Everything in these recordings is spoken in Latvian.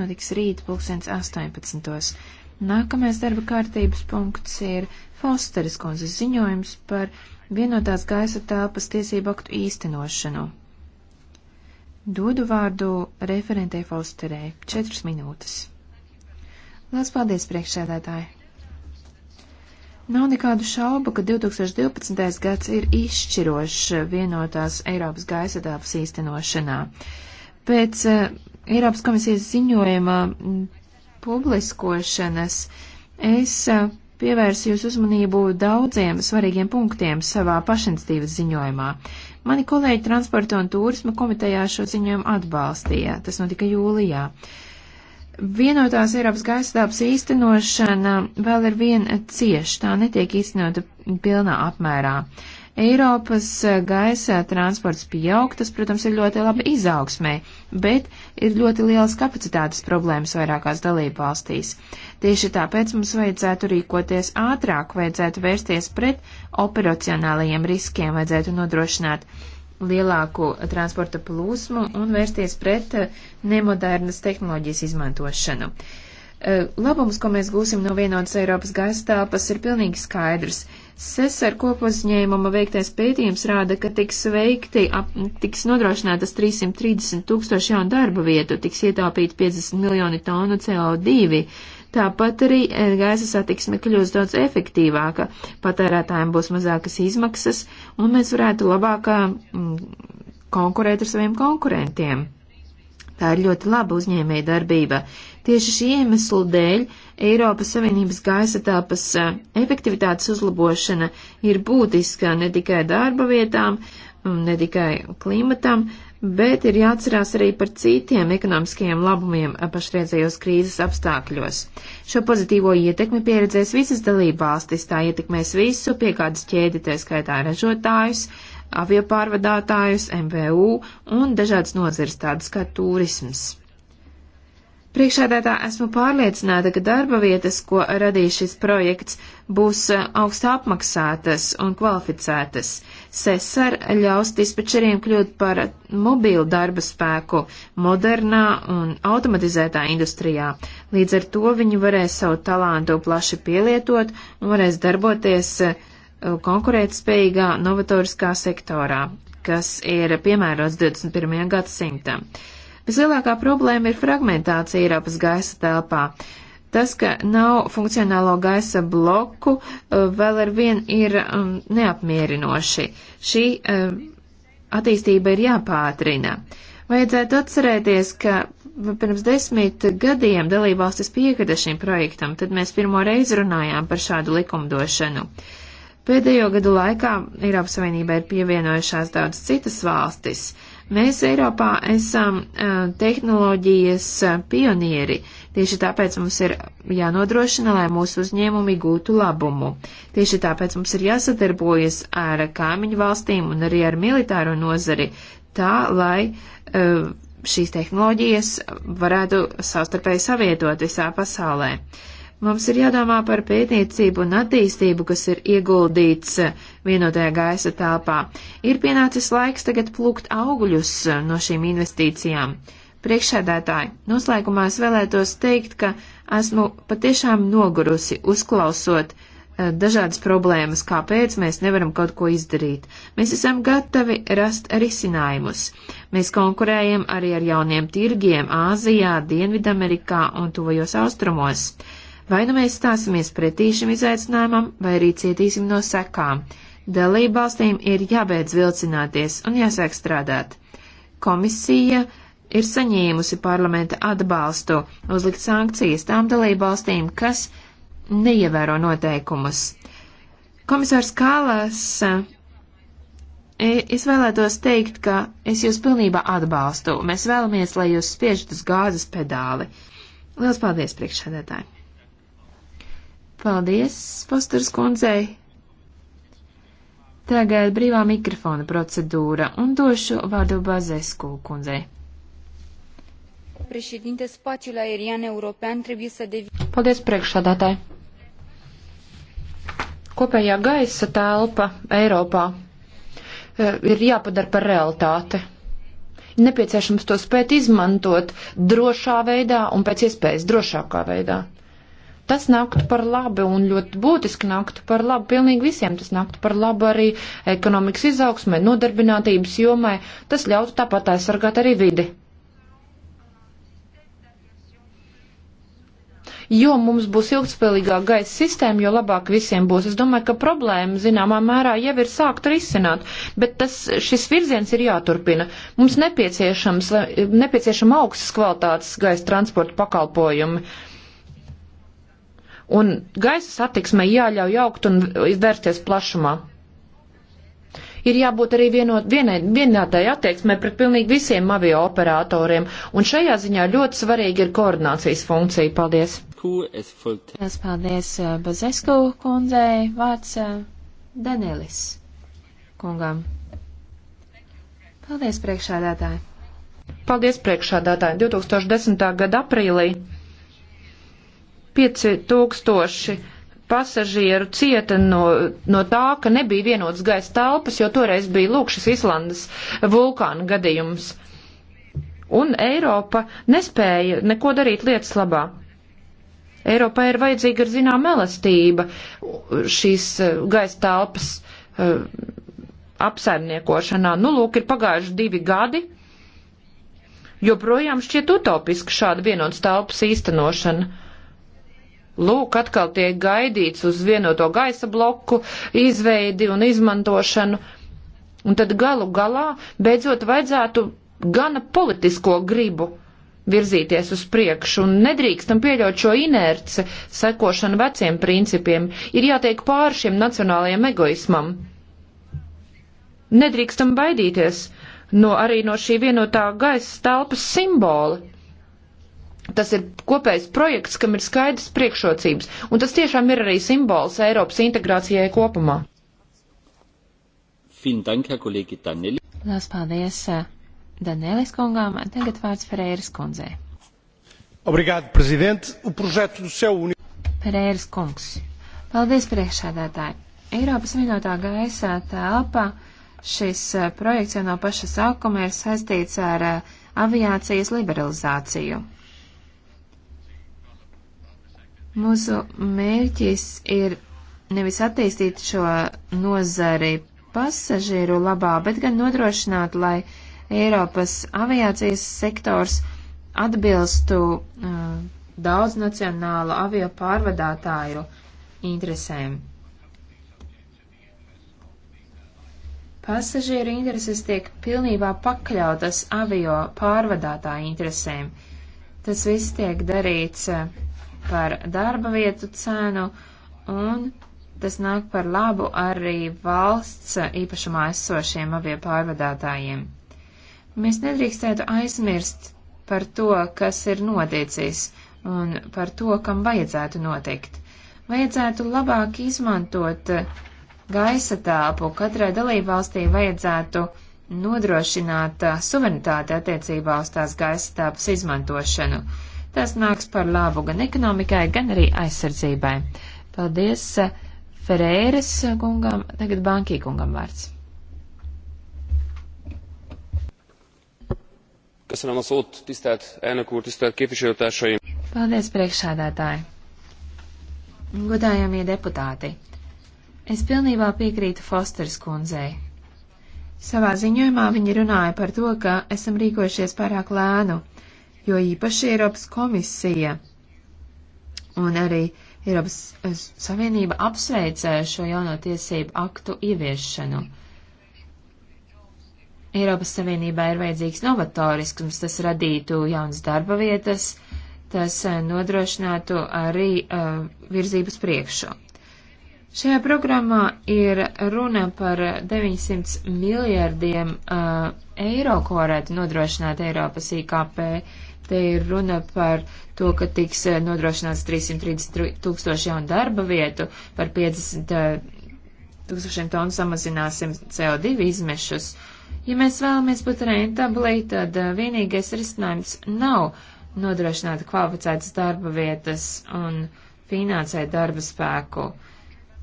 notiks rīt 2018. Nākamais darba kārtības punkts ir Fosteris kundzes ziņojums par vienotās gaisa telpas tiesību aktu īstenošanu. Dodu vārdu referentei Fosterei. Četras minūtes. Lielas paldies, priekšsēdētāji! Nav nekādu šaubu, ka 2012. gads ir izšķirošs vienotās Eiropas gaisa telpas īstenošanā. Uh, Pēc eh, Eiropas komisijas ziņojuma mm, publiskošanas es eh, pievērsu jūs uzmanību daudziem svarīgiem punktiem savā pašinstīvas ziņojumā. Mani kolēģi transporta un turisma komitejā šo ziņojumu atbalstīja. Tas notika jūlijā. Vienotās Eiropas gaisa telpas īstenošana vēl ir viena cieši, tā netiek īstenota pilnā apmērā. Uh, Eiropas eh, gaisa transports pieaug, tas, protams, ir ļoti labi izaugsmē, bet ir ļoti lielas kapacitātes problēmas vairākās dalībvalstīs. Tieši tāpēc mums vajadzētu rīkoties ātrāk, vajadzētu vērsties pret operacionālajiem riskiem, vajadzētu nodrošināt lielāku transporta plūsmu un vērsties pret eh, nemodernas tehnoloģijas izmantošanu. Eh, labums, ko mēs gūsim no vienotas Eiropas gaisa telpas, ir pilnīgi skaidrs. Sesar kopuzņēmuma veiktais pētījums rāda, ka tiks veikti, ap, tiks nodrošinātas 330 tūkstoši jaunu darba vietu, tiks ietaupīti 50 miljoni tonu CO2. Tāpat arī e, gaisa satiksme kļūs daudz efektīvāka, patērētājiem būs mazākas izmaksas, un mēs varētu labāk konkurēt ar saviem konkurentiem. Tā ir ļoti laba uzņēmēja darbība. Uh, Tieši šī iemesla dēļ Eiropas Savienības gaisa telpas eh, efektivitātes uzlabošana ir būtiska ne tikai darba vietām, mm, ne tikai klimatam, bet ir jāatcerās arī par citiem ekonomiskajiem labumiem eh, pašreizējos krīzes apstākļos. Šo pozitīvo ietekmi pieredzēs visas dalībvalstis, tā ietekmēs visu piegādes ķēdi, tā skaitā ražotājus, aviopārvadātājus, MVU un dažādas nozares tādas kā turisms. Priekšādētā esmu pārliecināta, ka darba vietas, ko radīs šis projekts, būs eh, augstā apmaksātas un kvalificētas. Sesar ļaus dispečeriem kļūt par mobilu darba spēku modernā un automatizētā industrijā. Līdz ar to viņi varēs savu talantu plaši pielietot un varēs darboties eh, konkurētspējīgā, novatoriskā sektorā, kas ir piemērots 21. gadsimtam. Vislielākā problēma ir fragmentācija Eiropas gaisa telpā. Tas, ka nav funkcionālo gaisa bloku, eh, vēl ar vien ir um, neapmierinoši. Šī um, attīstība ir jāpātrina. Vajadzētu atcerēties, ka pirms desmit gadiem dalībvalstis piekrita šim projektam, tad mēs pirmo reizi runājām par šādu likumdošanu. Pēdējo gadu laikā Eiropas Savienībā ir pievienojušās daudz citas valstis. Mēs Eiropā esam tehnoloģijas pionieri, tieši tāpēc mums ir jānodrošina, lai mūsu uzņēmumi gūtu labumu. Tieši tāpēc mums ir jāsadarbojas ar kaimiņu valstīm un arī ar militāro nozari, tā lai šīs tehnoloģijas varētu savstarpēji savietot visā pasaulē. Uh, Mums ir jādomā par pētniecību un attīstību, kas ir ieguldīts vienotajā gaisa telpā. Ir pienācis laiks tagad plūkt augļus no šīm investīcijām. Priekšsēdētāji, noslēgumā es vēlētos teikt, ka esmu patiešām nogurusi uzklausot eh, dažādas problēmas, kāpēc mēs nevaram kaut ko izdarīt. Mēs esam gatavi rast risinājumus. Mēs konkurējam arī ar jauniem tirgiem Āzijā, Dienvidamerikā un tuvajos austrumos. Vai nu mēs stāsimies pretī šim izaicinājumam, vai arī cietīsim no sekām. Dalību valstīm ir jābeidz vilcināties un jāsāk strādāt. Komisija ir saņēmusi parlamenta atbalstu uzlikt sankcijas tām dalību valstīm, kas neievēro noteikumus. Komisārs Kālās, e, es vēlētos teikt, ka es jūs pilnībā atbalstu. Mēs vēlamies, lai jūs spiežat uz gāzes pedāli. Lielas paldies, priekšsēdētāji! Paldies, Posters kundzei! Tagad brīvā mikrofona procedūra un došu vārdu Bazesku kundzei. Paldies, priekšsādātāji! Kopējā gaisa telpa Eiropā e, ir jāpadara par realitāti nepieciešams to spēt izmantot drošā veidā un pēc iespējas drošākā veidā tas nāktu par labu un ļoti būtiski nāktu par labu pilnīgi visiem. Tas nāktu par labu arī ekonomikas izaugsmai, nodarbinātības jomai. Tas ļautu tāpat aizsargāt arī vidi. Jo mums būs ilgspējīgā gaisa sistēma, jo labāk visiem būs. Es domāju, ka problēma zināmā mērā jau ir sākta risināt, bet tas, šis virziens ir jāturpina. Mums nepieciešams, nepieciešama augstas kvalitātes gaisa transporta pakalpojumi. Uh, Un gaisa satiksmai jāļauj augt un izvērsties plašumā. Ir jābūt arī vienot, vienai, vienādai attieksmē pret pilnīgi visiem avio operatoriem, un šajā ziņā ļoti svarīgi ir koordinācijas funkcija. Paldies! Paldies, paldies uh, Bazesku kundzei, vārds uh, Danelis kungam. Paldies, priekšādātāji! Paldies, priekšādātāji! 2010. gada aprīlī 5000 pasažieru cieta no, no tā, ka nebija vienotas gaisa telpas, jo toreiz bija lūk šis Islandas vulkāna gadījums. Un Eiropa nespēja neko darīt lietas labā. Eiropai ir vajadzīga ir zinām elastība šīs eh, gaisa telpas uh, apsaimniekošanā. Nu, lūk, ir pagājuši divi gadi. Joprojām šķiet utopiski šāda vienotas telpas īstenošana. Lūk, atkal tiek gaidīts uz vienoto gaisa bloku izveidi un izmantošanu. Un tad galu galā beidzot vajadzētu gana politisko gribu virzīties uz priekšu un nedrīkstam pieļaut šo inerci sekošanu veciem principiem. Ir jātiek pāri šiem nacionālajiem egoismam. Nedrīkstam baidīties no arī no šī vienotā gaisa telpas simbola Tas ir kopējs projekts, kam ir skaidrs priekšrocības, un tas tiešām ir arī simbols Eiropas integrācijai kopumā. Lielas paldies eh, Danielis kungām, tagad vārds Pereiras kundzei. Obrigado, prezident. O projeto do céu único. Pereiras kungs. Paldies, priekšādātāji. Eiropas vienotā gaisa telpa šis eh, projekts jau no paša sākuma ir saistīts ar eh, aviācijas liberalizāciju. Mūsu mērķis ir nevis attīstīt šo nozari pasažieru labā, bet gan nodrošināt, lai Eiropas aviācijas sektors atbilstu uh, daudznacionālu avio pārvadātāju interesēm. Pasažieru intereses tiek pilnībā pakļautas avio pārvadātāju interesēm. Tas viss tiek darīts uh, par darba vietu cenu, un tas nāk par labu arī valsts īpašumā esošiem avie pārvadātājiem. Mēs nedrīkstētu aizmirst par to, kas ir noticis, un par to, kam vajadzētu notikt. Vajadzētu labāk izmantot gaisa telpu, katrai dalībvalstī vajadzētu nodrošināt suverenitāti attiecībā uz tās gaisa telpas izmantošanu. Tas nāks par labu gan ekonomikai, gan arī aizsardzībai. Paldies eh, Ferēras kungam, tagad bankī kungam vārds. Köszönöm a szót, tisztelt elnök úr, tisztelt képviselőtársaim! Paldies, priekšsādātāji! Godājamie deputāti! Es pilnībā piekrītu Fosters kundzei. Savā ziņojumā viņa runāja par to, ka esam rīkojušies pārāk lēnu jo īpaši Eiropas komisija un arī Eiropas eh, Savienība apsveicē šo jauno tiesību aktu ieviešanu. Eiropas Savienībā ir vajadzīgs novatoriskums, tas radītu jaunas darba vietas, tas eh, nodrošinātu arī uh, virzības priekšu. Šajā programmā ir runa par 900 miljardiem uh, eiro, ko varētu nodrošināt Eiropas IKP. Uh, Te ir runa par to, ka tiks eh, nodrošināts 330 tūkstoši jaunu darba vietu, par 50 eh, tūkstošiem tonu samazināsim CO2 izmešus. Ja mēs vēlamies būt rentabli, tad eh, vienīgais risinājums nav nodrošināt kvalificētas darba vietas un finansēt darba spēku.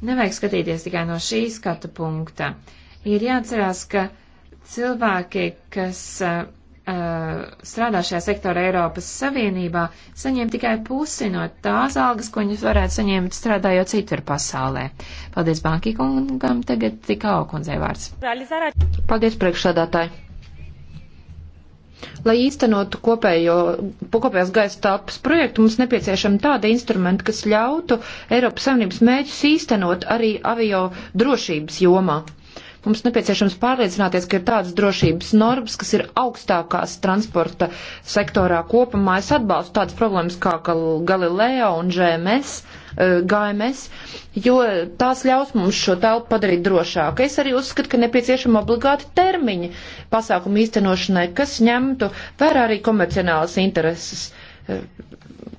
Nevajag skatīties tikai no šī skatu punkta. Ir jāatcerās, ka cilvēki, kas Uh, strādā šajā sektora Eiropas Savienībā, saņem tikai pusi no tās algas, ko viņas varētu saņemt strādājot citur pasaulē. Paldies Banki kungam, tagad tikā okundzei vārds. Paldies priekšsādātāji. Lai īstenotu kopējo, kopējās gaisa telpas projektu, mums nepieciešama tāda instrumenta, kas ļautu Eiropas Savienības mēģus īstenot arī avio drošības jomā. Mums nepieciešams pārliecināties, ka ir tādas drošības normas, kas ir augstākās transporta sektorā kopumā. Es atbalstu tādas problēmas kā Galileo un GMS. Eh, GMS, jo tās ļaus mums šo telpu padarīt drošāku. Es arī uzskatu, ka nepieciešama obligāti termiņi pasākumu īstenošanai, kas ņemtu vērā arī komercionālas intereses eh,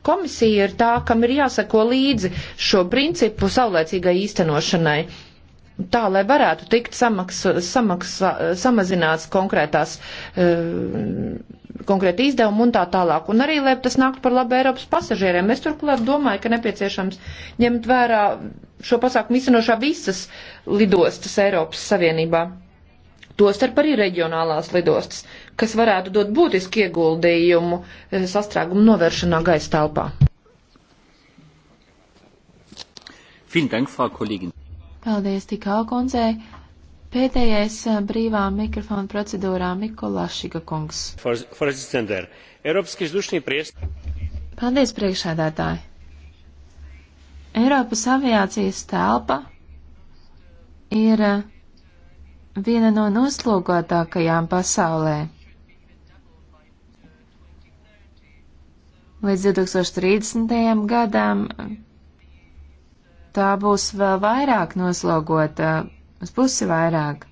komisija ir tā, kam ir jāsako līdzi šo principu saulēcīgai īstenošanai tā, lai varētu tikt samaks, samaks, samazināts konkrētās, e, konkrēti izdevumi un tā tālāk. Un arī, lai tas nāktu par labu Eiropas pasažieriem. Es turklāt domāju, ka nepieciešams ņemt vērā šo pasākumu izcenošā visas lidostas Eiropas Savienībā. Tostarp arī reģionālās lidostas, kas varētu dot būtisku ieguldījumu e, sastrēgumu novēršanā gaisa telpā. Vielen Dank, Frau Kollegin. Paldies tikā kundzei. Pēdējais eh, brīvā mikrofona procedūrā Mikolašika kungs. For, for priest... Paldies, priekšādātāji. Eiropas aviācijas telpa ir eh, viena no noslogotākajām pasaulē. Līdz 2030. gadam tā būs vēl vairāk noslogota, uz pusi vairāk.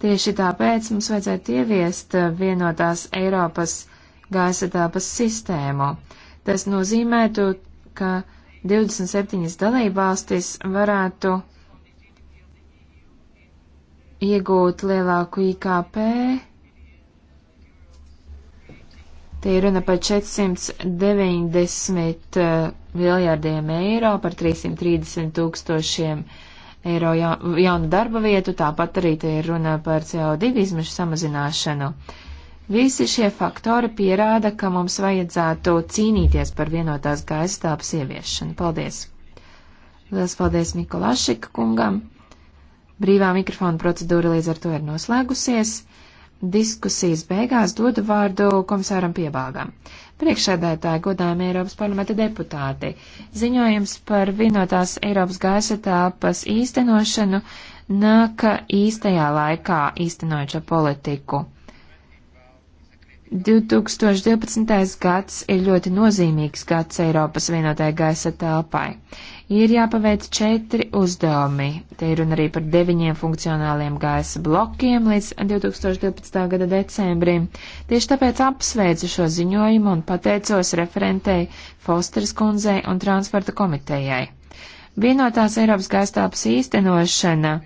Tieši tāpēc mums vajadzētu ieviest eh, vienotās Eiropas gaisa telpas sistēmu. Tas nozīmētu, ka 27 dalībvalstis varētu iegūt lielāku IKP Te ir runa par 490 eh, miljārdiem eiro, par 330 tūkstošiem eiro jaunu darba vietu, tāpat arī te ir runa par CO2 izmešu samazināšanu. Visi šie faktori pierāda, ka mums vajadzētu cīnīties par vienotās gaisa tāpas ieviešanu. Paldies! Lielas paldies Mikolašika kungam! Brīvā mikrofona procedūra līdz ar to ir noslēgusies diskusijas beigās dodu vārdu komisāram Piebāgam. Priekšsēdētāji, godājumi Eiropas parlamenta deputāti, ziņojums par vienotās Eiropas gaisa telpas īstenošanu nāk īstajā laikā īstenojušo politiku. 2012. gads ir ļoti nozīmīgs gads Eiropas vienotajai gaisa telpai. Ir jāpaveic četri uzdevumi. Te ir runa arī par deviņiem funkcionāliem gaisa blokiem līdz 2012. gada decembrim. Tieši tāpēc apsveicu šo ziņojumu un pateicos referentei Fosters kundzei un transporta komitejai. Vienotās Eiropas gaisa telpas īstenošana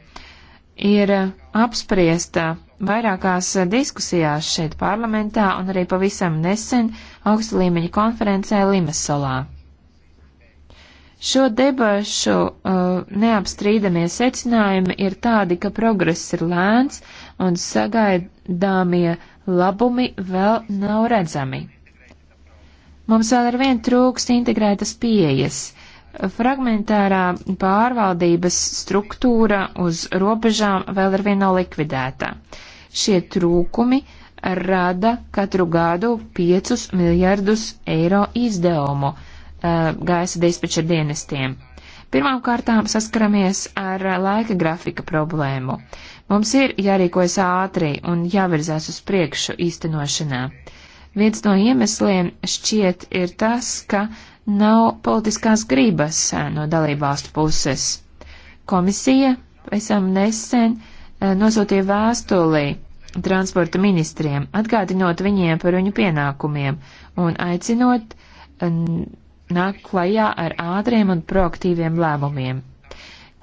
ir eh, apspriesta eh, vairākās eh, diskusijās šeit parlamentā un arī pavisam nesen augsta līmeņa konferencē Limasolā. Šo debašu uh, neapstrīdamie secinājumi ir tādi, ka progress ir lēns un sagaidāmie labumi vēl nav redzami. Mums vēl ar vien trūkst integrētas pieejas, Fragmentārā pārvaldības struktūra uz robežām vēl ir viena likvidēta. Šie trūkumi rada katru gadu 5 miljardus eiro izdevumu eh, gaisa dispečer dienestiem. Pirmkārtām saskaramies ar laika grafika problēmu. Mums ir jārīkojas ātri un jāvirzās uz priekšu īstenošanā. Viens no iemesliem šķiet ir tas, ka uh, nav politiskās gribas eh, no dalībvalstu puses. Komisija esam nesen eh, nosūtīja vēstulī transporta ministriem, atgādinot viņiem par viņu pienākumiem un aicinot eh, nāk klajā ar ātriem un proaktīviem lēmumiem.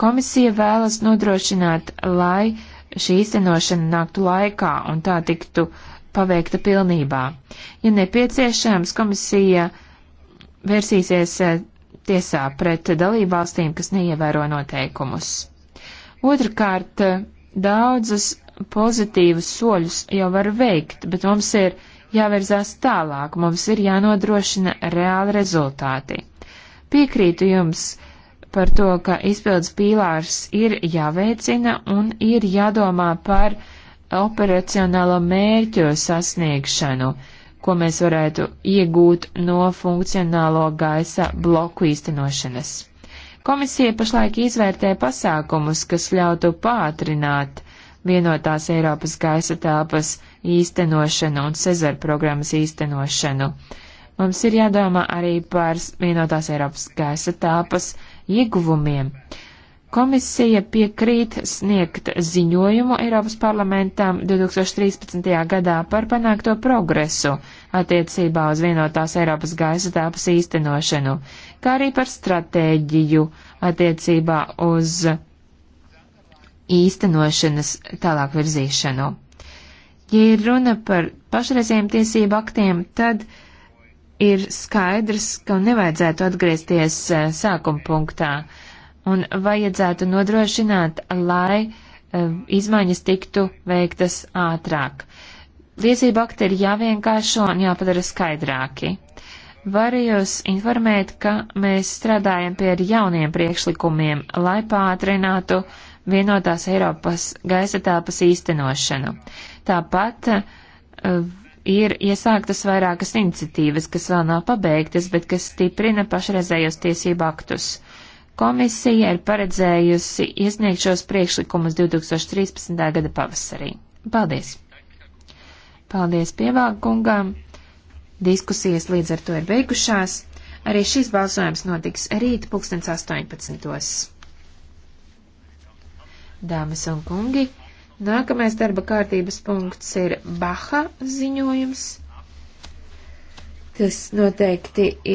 Komisija vēlas nodrošināt, lai šī īstenošana nāktu laikā un tā tiktu paveikta pilnībā. Ja nepieciešams, komisija uh, vērsīsies eh, tiesā pret dalībvalstīm, kas neievēro noteikumus. Otrakārt, eh, daudzas pozitīvas soļus jau var veikt, bet mums ir jāverzās tālāk, mums ir jānodrošina reāli rezultāti. Piekrītu jums par to, ka izpildes pīlārs ir jāveicina un ir jādomā par operacionālo mērķu sasniegšanu. Uh, ko mēs varētu iegūt no funkcionālo gaisa bloku īstenošanas. Komisija pašlaik izvērtē pasākumus, kas ļautu pātrināt vienotās Eiropas gaisa telpas īstenošanu un Cezara programmas īstenošanu. Mums ir jādomā arī par vienotās Eiropas gaisa telpas ieguvumiem. Uh, Komisija piekrīt sniegt ziņojumu Eiropas parlamentam 2013. gadā par panākto progresu attiecībā uz vienotās Eiropas gaisa tāpas īstenošanu, kā arī par stratēģiju attiecībā uz īstenošanas tālāk virzīšanu. Ja ir runa par pašreizējiem tiesību aktiem, tad ir skaidrs, ka nevajadzētu atgriezties eh, sākuma punktā. Uh, un vajadzētu nodrošināt, lai eh, izmaiņas tiktu veiktas ātrāk. Tiesību akti ir jāvienkāršo un jāpadara skaidrāki. Varu jūs informēt, ka mēs strādājam pie jauniem priekšlikumiem, lai pātrinātu vienotās Eiropas gaisa telpas īstenošanu. Tāpat uh, ir iesāktas vairākas iniciatīvas, kas vēl nav pabeigtas, bet kas stiprina pašreizējos tiesību aktus. Uh, Komisija ir paredzējusi iesniegt šos priekšlikumus 2013. gada pavasarī. Paldies! Paldies pievākungām! Diskusijas līdz ar to ir beigušās. Arī šis balsojums notiks rīt 2018. Dāmas un kungi, nākamais darba kārtības punkts ir Baha ziņojums. Tas noteikti